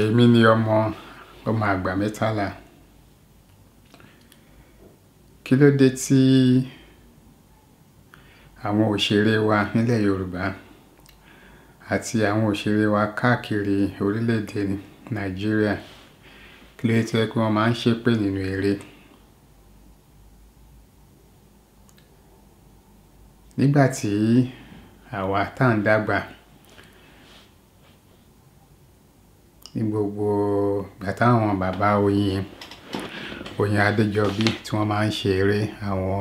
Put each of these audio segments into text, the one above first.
èmi ni ọmọ ọmọ àgbà mẹ́tàlá kí ló dé tí àwọn òṣèré wa nílẹ̀ Yorùbá àti àwọn òṣèré wa káàkiri orílẹ̀-èdè Nàìjíríà kí ló dé tí wọ́n máa ń ṣépè nínú eré. nígbà tí àwa tá à ń dàgbà ní gbogbo ìgbà táwọn bàbá oyin oyin adéjọbí tí wọ́n máa ń ṣe eré àwọn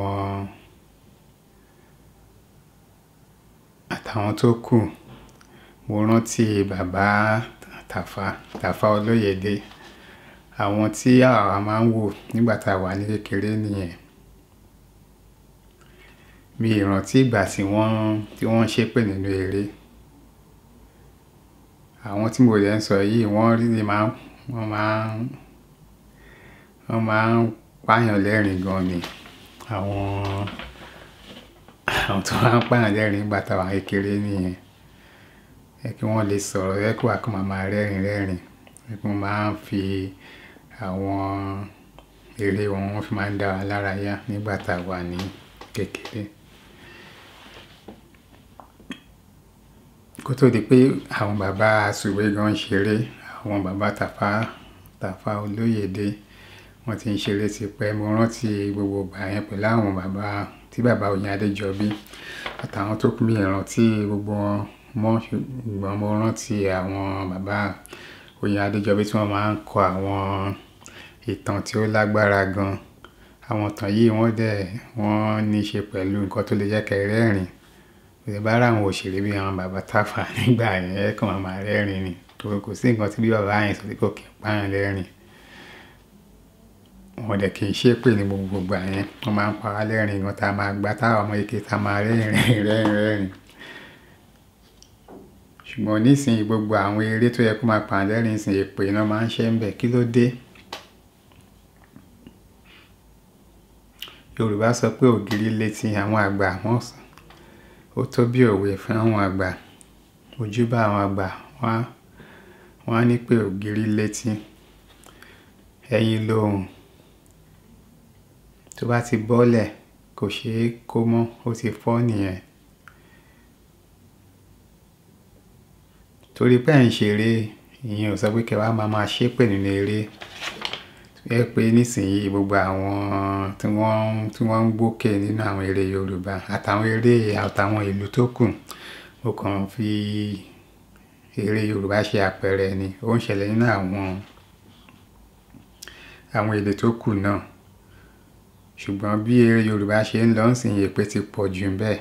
àtàwọn tó kù mo rántí bàbá tàfà tàfà olóyèdè àwọn tí àwa máa ń wò nígbà tá a wà ní kékeré nìyẹn mi ìrántí ìgbà tí wọ́n tí wọ́n ṣépè nínú eré àwọn tí mo dẹ̀ ń sọ yìí wọ́n rí máa wọ́n máa wọ́n máa ń pààyàn lẹ́rìn gan ni àwọn àwọn tó máa ń pààyàn lẹ́rìn nígbà táwọn kékeré nìyẹn ẹ kí wọ́n lè sọ̀rọ̀ ẹ kó àkọ́ màmá rẹ́rìn rẹ́rìn ẹ kí wọ́n máa ń fi àwọn eré wọn wọ́n fi máa ń dá wa nígbà táwa ní kékeré. kó tó di pé àwọn bàbá Sùwé gan ṣeré àwọn bàbá Tàfà Tàfà Olóyèdè wọ́n ti ń ṣeré tipẹ́ mo rántí gbogbo ìgbà yẹn pẹ̀lú àwọn bàbá tí bàbá Oyin Adéjọbí àtàwọn tó kú mi ìrántí gbogbo wọn mọ́ ṣùgbọ́n mo rántí àwọn bàbá Oyin Adéjọbí tí wọ́n máa ń kọ àwọn ìtàn tí ó lágbára gan àwọn ìtàn yìí wọ́n dẹ̀ wọ́n ní í ṣe pẹ̀lú nǹkan tó lè jẹ́ kẹ́ rẹ́rìn-ín ìbá ra àwọn òṣèré bíi àwọn bàbá táfà nígbà yẹn ẹ̀kan màmá rẹ́rìn ni torí kò sí nǹkan tí bí bàbá yẹn sọ pé kò kí n pààyàn lẹ́rìn wọn dẹ̀ kì í ṣe pé ní gbogbo gbà yẹn wọ́n máa ń pa wá lẹ́rìn gan tá a máa gba táwọn ọmọ ike tá a máa rẹ́rìn rẹ́rìn rẹ́rìn ṣùgbọ́n nísìnyí gbogbo àwọn eré tó yẹ kó máa pààyàn lẹ́rìn sìn èpè iná máa ń ṣe ń bẹ̀ kí ló dé Yorùbá sọ pé ògiri létí àwọn àgbà wọ́n sọ ó tó bí òwe fún àwọn àgbà ojúbà àwọn àgbà wá wọ́n á ní pé ògiri létí ẹyin lóhùn tó bá ti bọ́lẹ̀ kò ṣeé kó mọ́ ó ti fọ́ nìyẹn torí pé à ń ṣeré ìyẹn ò sọ pé kẹwàá máa máa ṣépè nínú eré ẹ pé nísìnyí gbogbo àwọn tí wọ́n tí wọ́n ń gbókè nínú àwọn eré Yorùbá àtàwọn eré àtàwọn ìlú tó kù mo kàn fi eré Yorùbá ṣe àpẹẹrẹ ni ó ń ṣẹlẹ̀ nínú àwọn àwọn èdè tó kù náà ṣùgbọ́n bí eré Yorùbá ṣe ń lọ sìn èpè ti pọ̀ jù ń bẹ́ẹ̀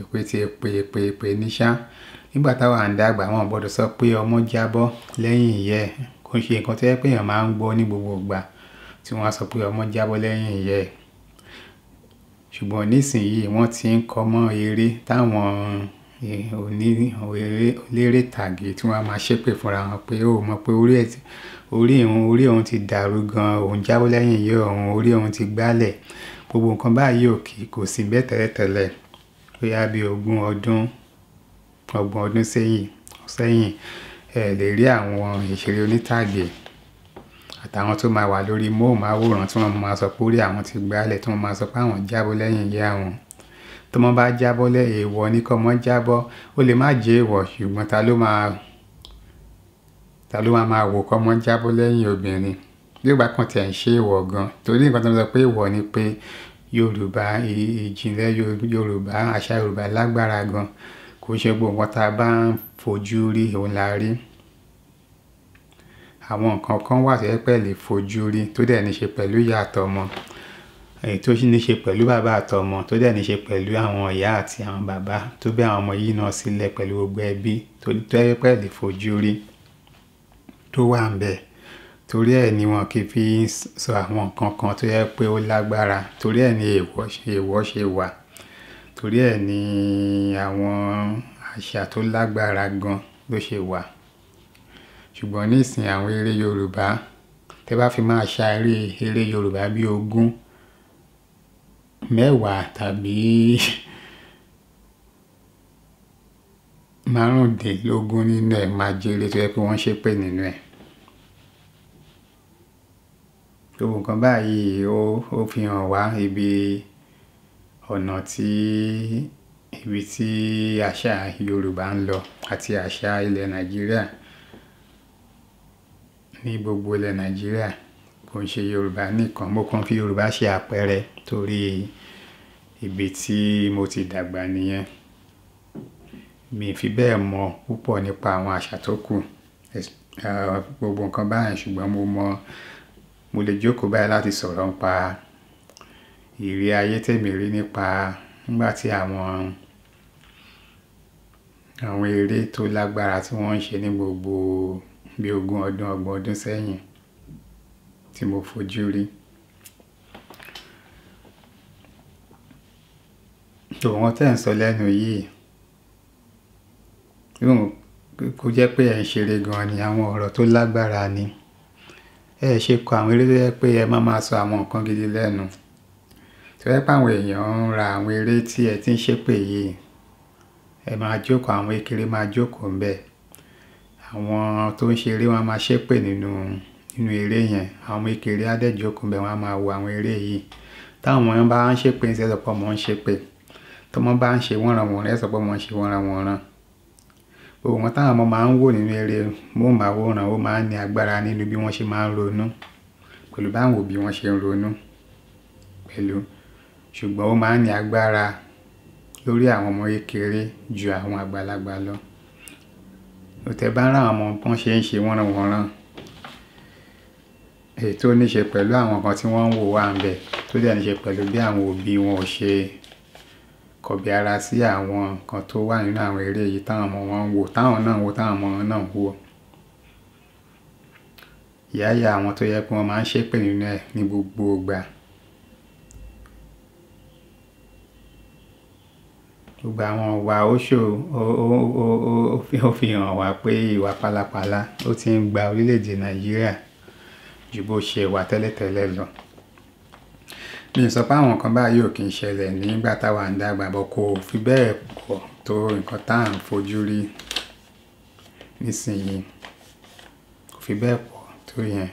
èpè ti èpè èpè èpè níṣá nígbà táwa ń dàgbà wọn gbọ́dọ̀ sọ pé ọmọ jábọ́ lẹ́yìn ìyẹ́ kò ń ṣe nǹkan tó yẹ pé èèyàn máa ń gbọ́ ní gbogbo ìgbà tí wọ́n á sọ pé ọmọ jábọ́ lẹ́yìn ìyá ẹ̀ ṣùgbọ́n nísìnyí wọ́n ti ń kọ́ mọ́ eré táwọn eléré tàgé tí wọ́n á máa ṣépè fúnra wọn pé ó mọ̀ pé orí ẹ̀ ti orí òun orí òun ti dàrú gan òun jábọ́ lẹ́yìn ìyá òun orí òun ti gbálẹ̀ gbogbo nǹkan báyìí ò kì kò sí bẹ́ẹ̀ tẹ́lẹ̀tẹ́lẹ̀ bóyá bíi ogún ọdún ọgbọ̀n ọdún sẹ́yìn sẹ́yìn ẹ lè rí àwọn ìṣeré onítàgé àtàwọn tó máa wà lórí móhùnmáwòrán tí wọ́n máa sọ pé orí àwọn ti gbálẹ̀ tí wọ́n máa sọ pé àwọn jábọ́ lẹ́yìn ìyá wọn tó mọ́ bá jábọ́ lẹ́ èèwọ̀ ní kọ́ mọ́ jábọ́ ó lè má jẹ́ èèwọ̀ ṣùgbọ́n ta ló máa ta ló máa máa wò kọ́ mọ́ jábọ́ lẹ́yìn obìnrin nígbà kan tẹ̀ ń ṣe èèwọ̀ gan torí nǹkan tó ń sọ pé èèwọ̀ ni pé yorùbá ìjìnlẹ̀ yorùbá àṣà yorùbá lágbára gan kò ṣe gbogbo nǹkan bá ń fojú rí òun la rí àwọn nǹkan kan wà tó yẹ pẹ̀lú fojú rí tó dẹ̀ ní ṣe pẹ̀lú ìyá àtọmọ èyí tó ní ṣe pẹ̀lú bàbá àtọmọ tó dẹ̀ ní ṣe pẹ̀lú àwọn ìyá àti àwọn bàbá tó bí àwọn ọmọ yìí náà sílẹ̀ pẹ̀lú gbogbo ẹbí tó yẹ pẹ̀lú fojú rí tó wà ń bẹ̀ torí ẹ̀ ni wọn kì í fi sọ àwọn nǹkan kan tó yẹ pé ó lágbára torí ẹ̀ ni èèwọ̀ ṣe wà torí ẹ̀ ni àwọn àṣà tó lágbára gan ló ṣe wà ṣùgbọ́n nísìnyí àwọn eré Yorùbá tẹ́ bá fi máa ṣa eré eré Yorùbá bíi ogún mẹ́wàá tàbí márùndínlógún nínú ẹ̀ máa jèrè tó yẹ kí wọ́n ṣépè nínú ẹ̀ gbogbo nǹkan báyìí ó fi hàn wá ibi ọ̀nà tí ibi tí àṣà Yorùbá ń lọ àti àṣà ilẹ̀ Nàìjíríà ní gbogbo ilẹ̀ Nàìjíríà kò ń ṣe Yorùbá nìkan mo kàn fi Yorùbá ṣe àpẹẹrẹ torí ibi tí mo ti dàgbà nìyẹn mi fi bẹ́ẹ̀ mọ púpọ̀ nípa àwọn àṣà tó kù gbogbo nǹkan báyìí ṣùgbọ́n mo mọ mo lè jókòó báyìí láti sọ̀rọ̀ nípa ìrírí ayé tèmi rí nípa nígbà tí àwọn àwọn eré tó lágbára tí wọ́n ń ṣe ní gbogbo bí ogún ọdún ọgbọ̀n ọdún sẹ́yìn tí mo fojú rí. tò wọ́n tẹ̀ ń sọ lẹ́nu yìí kò jẹ́ pé ẹ̀ ń ṣeré gan-an ni àwọn ọ̀rọ̀ tó lágbára ni ẹ ṣe kọ àwọn eré tó yẹ pé ẹ má máa sọ àwọn nǹkan gidi lẹ́nu tó yẹ àwọn èèyàn ń ra àwọn eré tí ẹ ti ń ṣépè yìí ẹ máa jókòó àwọn ekele máa jókòó ńbẹ àwọn tó ń ṣe eré wọn máa ṣépè nínú nínú eré yẹn àwọn ekele adẹ́jókòó ńbẹ wọn máa wo àwọn eré yìí táwọn èèyàn bá ń ṣépè ṣe sọpọ̀ mọ́ ń ṣépè tọmọ bá ń ṣe wọ́nranwọ̀nran ẹ sọpọ̀ mọ́ ń ṣe wọ́nranwọ̀nran òun táwọn ọmọ máa ń wò nínú eré móhùnmáwòrán ó máa ń ní agbára nínú bí wọ́n ṣe máa ń ronú pẹ̀lú báwọn òbí wọn ṣe ń ronú pẹ̀lú ṣùgbọ́n ó máa ń ní agbára lórí àwọn ọmọ kékeré ju àwọn àgbàlagbà lọ òtẹ bá rán àwọn ọmọ bọ́n ṣe ń ṣe wọ́nranwọ́nran èyí tó ní ṣe pẹ̀lú àwọn kan tí wọ́n ń wò wá ń bẹ̀ tó dẹ̀ ní ṣe pẹ̀lú bí àwọn òbí wọn ò ṣe kọ̀bí ara sí àwọn kan tó wà nínú àwọn eré yìí táwọn ọmọ wọn ń wò táwọn náà ń wò táwọn ọmọ náà ń wò ìyáyà àwọn tó yẹ pé wọ́n máa ń ṣépè nínú ẹ̀ ní gbogbo ìgbà gbogbo àwọn ìwà oṣù ó fi hàn wá pé ìwà pálapàla ó ti ń gba orílẹ̀-èdè nàìjíríà ju bó ṣe wà tẹ́lẹ̀tẹ́lẹ̀ lọ mi sọ pé àwọn kan báyìí ò kì í ṣẹlẹ̀ nígbà táwa ń dàgbà bọ̀ kò fi bẹ́ẹ̀ pọ̀ tó nǹkan tá à ń fojú rí nísìnyí kò fi bẹ́ẹ̀ pọ̀ tó yẹn.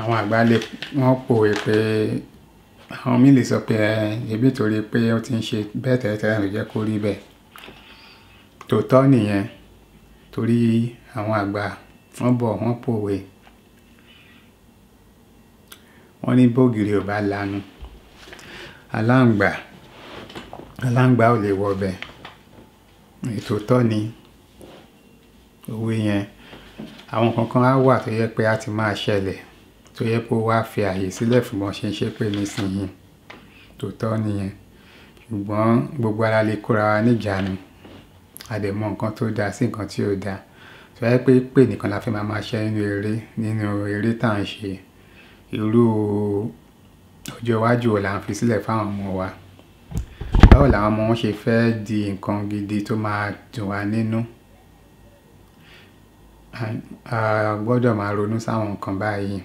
àwọn àgbà lè wọ́n pòwe pé àwọn míì lè sọ pé ẹ ebi torí pé ó ti ń ṣe bẹ́ẹ̀ tẹ́lẹ̀tẹ́lẹ̀ ló jẹ́ kó rí bẹ́ẹ̀ tòótọ́ nìyẹn torí àwọn àgbà wọ́n bọ̀ wọ́n pòwe wọ́n ní bógiri ò bá lanu aláǹgbà aláǹgbà ò lè wọbẹ̀ ètò tọ́ ni òwe yẹn àwọn kankan á wà tó yẹ pé a ti máa ṣẹlẹ̀ tó yẹ kó wá fi àyè sílẹ̀ fún bọ́n ṣe ń ṣe pé nísìnyí tòótọ́ nìyẹn ṣùgbọ́n gbogbo ara lè kóra wa níjàánu àdèmọ nǹkan tó dáa sí nǹkan tí ò dáa tó yẹ pé pé nìkan la fi máa máa ṣe nínú eré nínú eré tá à ń ṣe irú ọjọ́ iwájú là ń fi sílẹ̀ fáwọn ọmọ wa báwo làwọn ọmọ wọn ṣe fẹ́ di nǹkan gidi tó máa dùn wá nínú a gbọ́dọ̀ máa ronú sáwọn nǹkan báyìí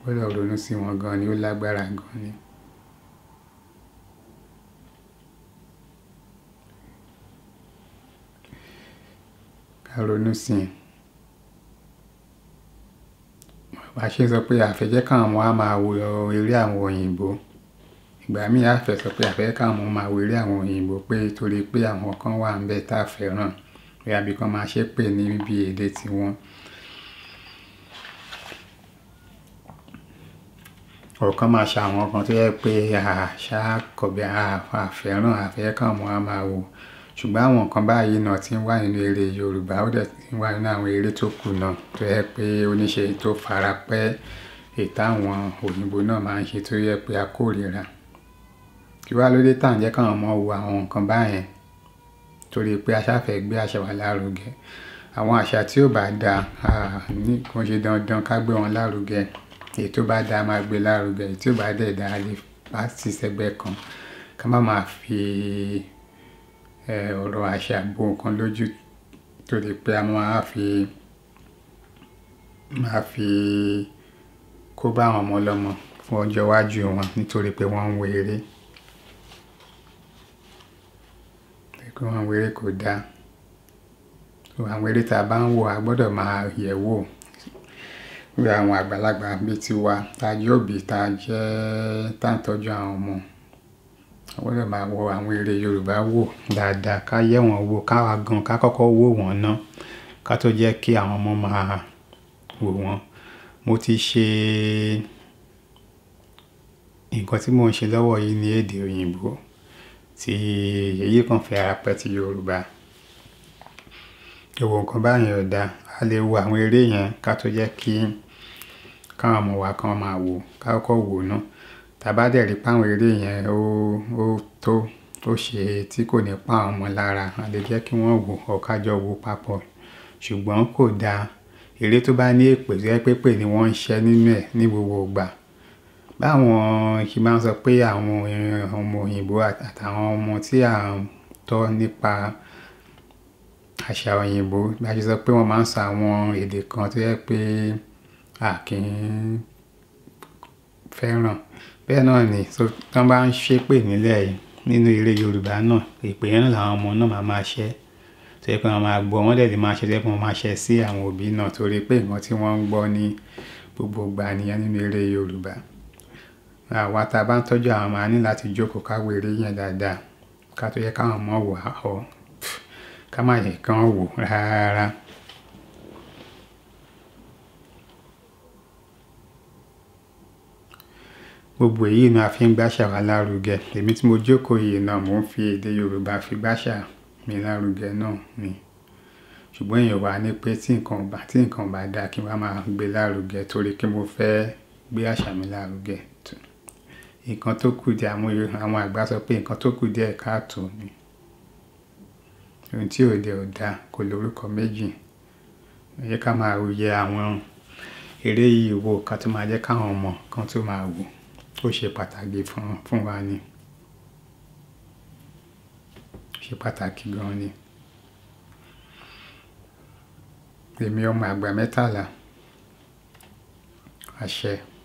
gbọ́dọ̀ ronú sí wọn gan ni ó lágbára gan ni. ká ronú sí i bá ṣe sọ pé àfẹ́jẹ́ káwọn ọmọ á máa wo eré àwọn òyìnbó ìgbà míì àfẹ́ sọ pé àfẹ́jẹ́ káwọn ọmọ máa wo eré àwọn òyìnbó pé torí pé àwọn kan wà ń bẹ tá a fẹ́ràn bí abìkan máa ṣe pè ní bíi èdè tiwọn. ọ̀kan máa ṣe àwọn kan tó yẹ pé àṣà kọ̀bẹ àfẹ́ràn àfẹ́kàn mọ́ a máa wò ṣùgbọ́n àwọn nǹkan báyìí náà ti ń wà nínú eré Yorùbá ó dẹ̀ ti ń wà nínú àwọn eré tó kù náà tó yẹ pé oníṣe tó fara pẹ́ ètò àwọn òyìnbó náà máa ń ṣe tó yẹ pé a kórìíra kí wá ló dé tà ń jẹ́ káwọn ọmọ wo àwọn nǹkan báyẹn torí pé aṣáfẹ́ gbé àṣà wa lárugẹ àwọn àṣà tí ò bá dáa kò ń ṣe dandan ká gbé wọn lárugẹ èyí tó bá dáa máa gbé lárugẹ èyí tí ó bá dẹ̀ dáa lè bá ti sẹ́gbẹ́ kan ká má máa fi ọ̀rọ̀ àṣà bo nǹkan lójú torí pé a máa fi máa fi kó bá àwọn ọmọ ọlọ́mọ fún ọjọ́ iwájú wọn nítorí pé wọ́n ń wo pé wọ́n ń wo kò dáa àwọn eré tá a bá ń wò a gbọ́dọ̀ máa yẹ̀ wò bí àwọn àgbàlagbà bíi tiwa tá a jẹ́ òbí tá a jẹ́ tá a ń tọ́jú àwọn ọmọ a gbọ́dọ̀ máa wo àwọn eré Yorùbá wò dáadáa ká yẹ̀ wọ́n wò káwa gan ká kọ́kọ́ wò wọ́n ná ká tó jẹ́ kí àwọn ọmọ máa wò wọ́n mo ti ṣe nǹkan tí mò ń ṣe lọ́wọ́ yìí ní èdè òyìnbó tí èyí kan fẹ́ apẹ́ ti Yorùbá ìwò nǹkan báyẹn ò dáa a lè wo àwọn eré yẹn ká tó jẹ́ kí káwọn ọmọ wa kan máa wò kákọ́ wò náà tàbá dẹ̀ rí páwọn eré yẹn ó ó tó ó ṣe tí kò ní pa àwọn ọmọ lára a lè jẹ́ kí wọ́n wò ọ̀kájọ wò papọ̀ ṣùgbọ́n kò dáa eré tó bá ní èpè tó yẹ pépè ni wọ́n ń ṣẹ́ nínú ẹ̀ ní gbogbo ìgbà báwọn ṣe máa ń sọ pé àwọn ọmọ òyìnbó àtàwọn ọmọ tí à ń tọ́ nípa àṣà òyìnbó bá ṣe sọ pé wọ́n máa ń sọ àwọn èdè kan tó yẹ pé. Pe a kì í fẹ́ràn bẹ́ẹ̀ náà ni tí wọ́n bá ń ṣépè nílẹ̀ yìí nínú eré Yorùbá náà ìpè náà làwọn ọmọ náà máa máa ṣẹ́ tó yẹ pé wọ́n máa gbọ́ wọ́n dẹ̀ lè máa ṣe tẹ́ pé wọ́n máa ṣe sí àwọn òbí náà torí pé nǹkan tí wọ́n ń gbọ́ ní gbogbo ìgbà nìyẹn nínú eré Yorùbá àwa tá a bá ń tọ́jú àwọn máa ní láti jókòó káwé eré yẹn dáadáa ká tó yẹ káwọn ọmọ wò á ọ ká má yẹ kán wò rárá. gbogbo èyí ni a fi ń gbàṣà wa lárugẹ èmi tí mo jókòó yìí náà mò ń fi èdè Yorùbá fi gbàṣà mi lárugẹ náà ni ṣùgbọ́n èèyàn wà ní pé tí nǹkan bá tí nǹkan bá dáa kí n wá máa gbé lárugẹ torí kí mo fẹ́ gbé àṣà mi lárugẹ nǹkan tó kù díẹ̀ àwọn àgbà sọ pé nǹkan tó kù díẹ̀ káàtó ni ohun tí òde ò dáa kò lórúkọ méjì yẹ ká máa yẹ àwọn eré yìí wò ká tó máa jẹ́ káwọn ọmọ kan tó máa wò ó ṣe pàtàkì fún fún wa ni ṣe pàtàkì gan ni èmi ọmọ àgbà mẹ́tàlá àṣẹ.